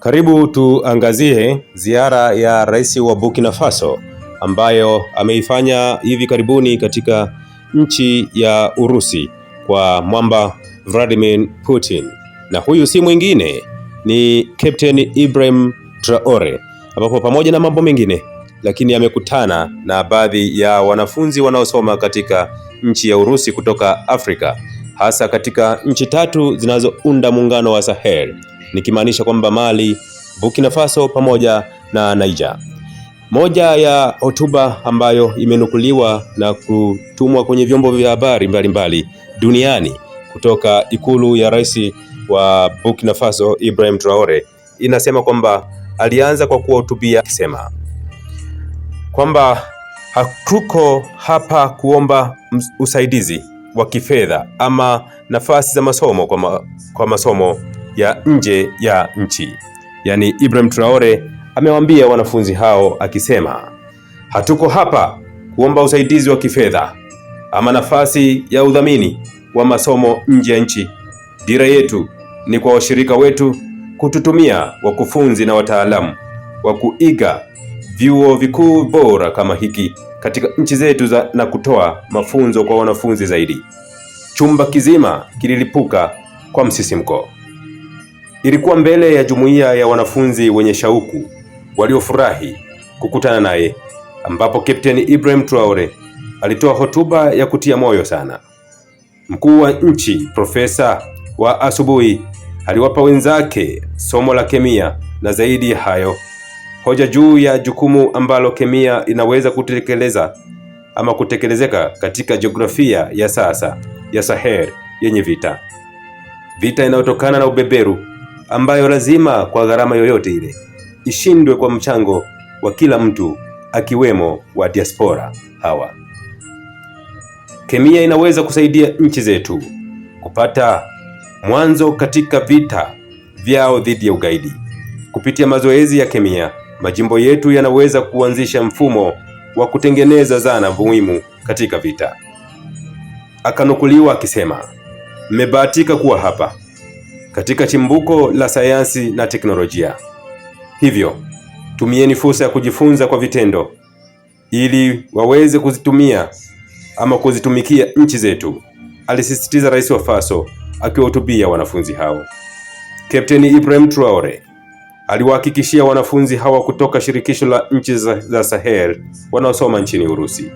Karibu tuangazie ziara ya rais wa Burkina Faso ambayo ameifanya hivi karibuni katika nchi ya Urusi kwa mwamba Vladimir Putin, na huyu si mwingine ni Captain Ibrahim Traore, ambapo pamoja na mambo mengine lakini amekutana na baadhi ya wanafunzi wanaosoma katika nchi ya Urusi kutoka Afrika, hasa katika nchi tatu zinazounda muungano wa Sahel nikimaanisha kwamba Mali, Burkina Faso pamoja na Niger. Moja ya hotuba ambayo imenukuliwa na kutumwa kwenye vyombo vya habari mbalimbali duniani kutoka ikulu ya rais wa Burkina Faso Ibrahim Traore inasema kwamba alianza kwa kuwahutubia akisema kwamba hatuko hapa kuomba usaidizi wa kifedha ama nafasi za masomo kwa, ma, kwa masomo ya nje ya nchi. Yaani Ibrahim Traore amewaambia wanafunzi hao akisema, hatuko hapa kuomba usaidizi wa kifedha ama nafasi ya udhamini wa masomo nje ya nchi. Dira yetu ni kwa washirika wetu kututumia wakufunzi na wataalamu wa kuiga vyuo vikuu bora kama hiki katika nchi zetu za, na kutoa mafunzo kwa wanafunzi zaidi. Chumba kizima kililipuka kwa msisimko. Ilikuwa mbele ya jumuiya ya wanafunzi wenye shauku waliofurahi kukutana naye, ambapo Kapteni Ibrahim Traore alitoa hotuba ya kutia moyo sana. Mkuu wa nchi profesa wa asubuhi aliwapa wenzake somo la kemia na zaidi ya hayo, hoja juu ya jukumu ambalo kemia inaweza kutekeleza ama kutekelezeka katika jiografia ya sasa ya Sahel yenye vita, vita inayotokana na ubeberu ambayo lazima kwa gharama yoyote ile ishindwe kwa mchango wa kila mtu akiwemo wa diaspora hawa. Kemia inaweza kusaidia nchi zetu kupata mwanzo katika vita vyao dhidi ya ugaidi. Kupitia mazoezi ya kemia, majimbo yetu yanaweza kuanzisha mfumo wa kutengeneza zana muhimu katika vita. Akanukuliwa akisema, mmebahatika kuwa hapa katika chimbuko la sayansi na teknolojia. Hivyo, tumieni fursa ya kujifunza kwa vitendo ili waweze kuzitumia ama kuzitumikia nchi zetu, alisisitiza Rais wa Faso akiwahutubia wanafunzi hao. Kapteni Ibrahim Traore aliwahakikishia wanafunzi hawa kutoka shirikisho la nchi za, za Sahel wanaosoma nchini Urusi,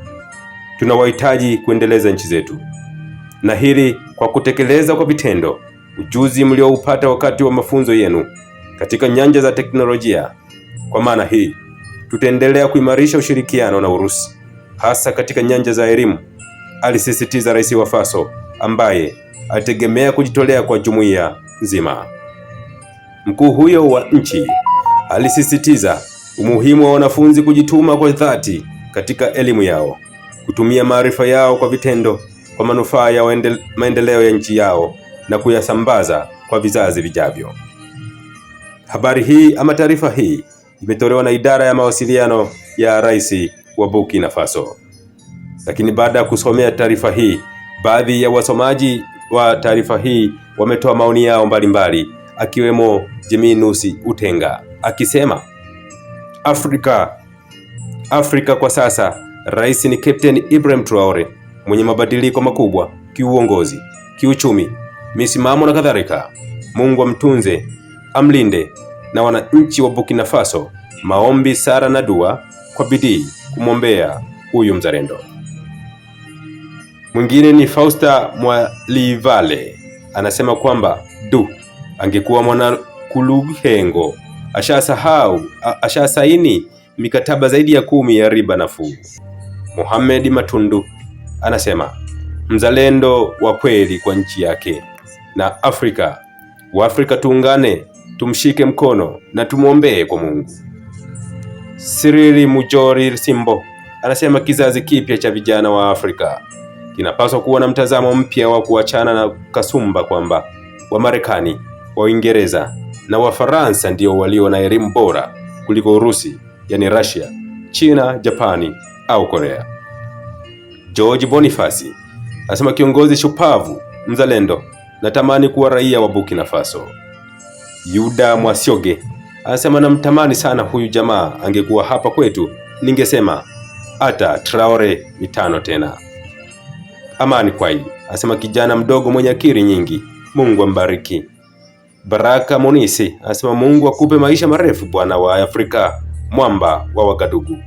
tunawahitaji kuendeleza nchi zetu na hili kwa kutekeleza kwa vitendo ujuzi mlioupata wakati wa mafunzo yenu katika nyanja za teknolojia. Kwa maana hii, tutaendelea kuimarisha ushirikiano na Urusi hasa katika nyanja za elimu, alisisitiza rais wa Faso ambaye alitegemea kujitolea kwa jumuiya nzima. Mkuu huyo wa nchi alisisitiza umuhimu wa wanafunzi kujituma kwa dhati katika elimu yao, kutumia maarifa yao kwa vitendo kwa manufaa ya maendeleo ya nchi yao na kuyasambaza kwa vizazi vijavyo. Habari hii ama taarifa hii imetolewa na idara ya mawasiliano ya rais wa Burkina Faso. Lakini baada ya kusomea taarifa hii, baadhi ya wasomaji wa taarifa hii wametoa maoni yao mbalimbali, akiwemo Jeminusi Utenga akisema Afrika, Afrika kwa sasa rais ni Captain Ibrahim Traore mwenye mabadiliko makubwa kiuongozi, kiuchumi misimamo na kadhalika. Mungu amtunze, amlinde na wananchi wa Burkina Faso. Maombi, sala na dua kwa bidii kumwombea huyu mzalendo. Mwingine ni Fausta Mwalivale, anasema kwamba du, angekuwa Mwanakuluhengo ashasahau ashasaini mikataba zaidi ya kumi ya riba nafuu. Mohamed Matundu anasema mzalendo wa kweli kwa nchi yake na Afrika. Waafrika tuungane, tumshike mkono na tumwombee kwa Mungu. Sirili Mujori Simbo anasema kizazi kipya cha vijana wa Afrika kinapaswa kuwa na mtazamo mpya wa kuachana na kasumba kwamba Wamarekani, Waingereza na Wafaransa ndio walio na elimu bora kuliko Urusi, yani Russia, China, Japani au Korea. George Bonifasi anasema kiongozi shupavu mzalendo natamani kuwa raia wa Burkina Faso. Yuda Mwasioge anasema namtamani sana huyu jamaa, angekuwa hapa kwetu ningesema hata Traore mitano tena. Amani Kwai anasema kijana mdogo mwenye akili nyingi, Mungu ambariki. Baraka Munisi anasema Mungu akupe maisha marefu bwana wa Afrika, mwamba wa Wagadugu.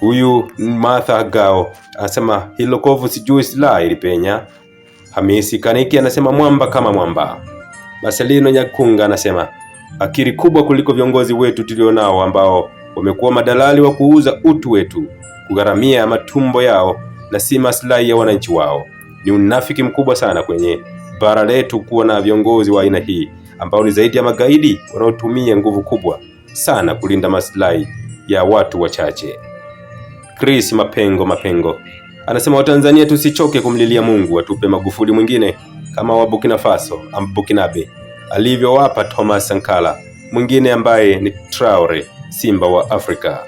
Huyu Martha Gao anasema hilo kovu sijui silaha ilipenya Hamisi Kaniki anasema mwamba kama mwamba. Marcelino Nyakunga anasema akili kubwa kuliko viongozi wetu tulionao ambao wamekuwa madalali wa kuuza utu wetu, kugharamia matumbo yao na si maslahi ya wananchi wao. Ni unafiki mkubwa sana kwenye bara letu kuwa na viongozi wa aina hii ambao ni zaidi ya magaidi wanaotumia nguvu kubwa sana kulinda maslahi ya watu wachache. Chris Mapengo Mapengo Anasema Watanzania tusichoke kumlilia Mungu atupe Magufuli mwingine kama wa Burkina Faso am Burkinabe alivyowapa Thomas Sankara, mwingine ambaye ni Traore, simba wa Afrika.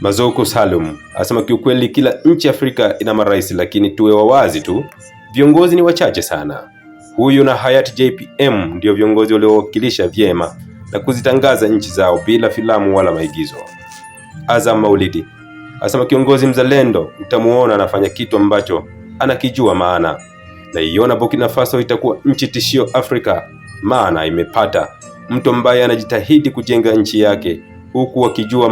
Mazoko Salum asema kiukweli, kila nchi Afrika ina marais, lakini tuwe wawazi tu, viongozi ni wachache sana. Huyu na hayati JPM ndio viongozi waliowakilisha vyema na kuzitangaza nchi zao bila filamu wala maigizo. Azam Maulidi Asema kiongozi mzalendo mtamuona anafanya kitu ambacho anakijua maana. Naiona Burkina Faso itakuwa nchi tishio Afrika, maana imepata mtu ambaye anajitahidi kujenga nchi yake huku wakijua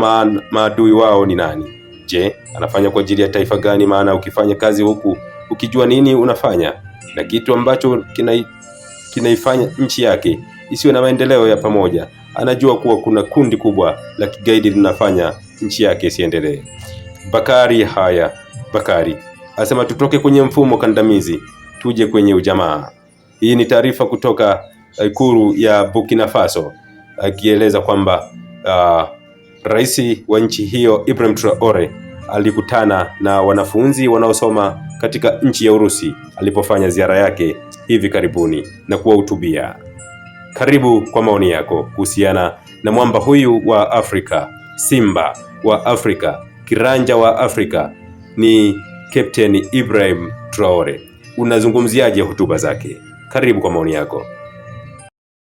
maadui wao ni nani. Je, anafanya kwa ajili ya taifa gani? Maana ukifanya kazi huku ukijua nini unafanya na kitu ambacho kinai, kinaifanya nchi yake isiwe na maendeleo ya pamoja. Anajua kuwa kuna kundi kubwa la kigaidi linafanya nchi yake isiendelee. Bakari haya Bakari asema tutoke kwenye mfumo kandamizi tuje kwenye ujamaa. Hii ni taarifa kutoka eh, ikulu ya Burkina Faso akieleza kwamba uh, rais wa nchi hiyo Ibrahim Traore alikutana na wanafunzi wanaosoma katika nchi ya Urusi alipofanya ziara yake hivi karibuni na kuwahutubia. Karibu kwa maoni yako kuhusiana na mwamba huyu wa Afrika, simba wa Afrika kiranja wa Afrika ni Captain Ibrahim Traore. Unazungumziaje hotuba zake? Karibu kwa maoni yako.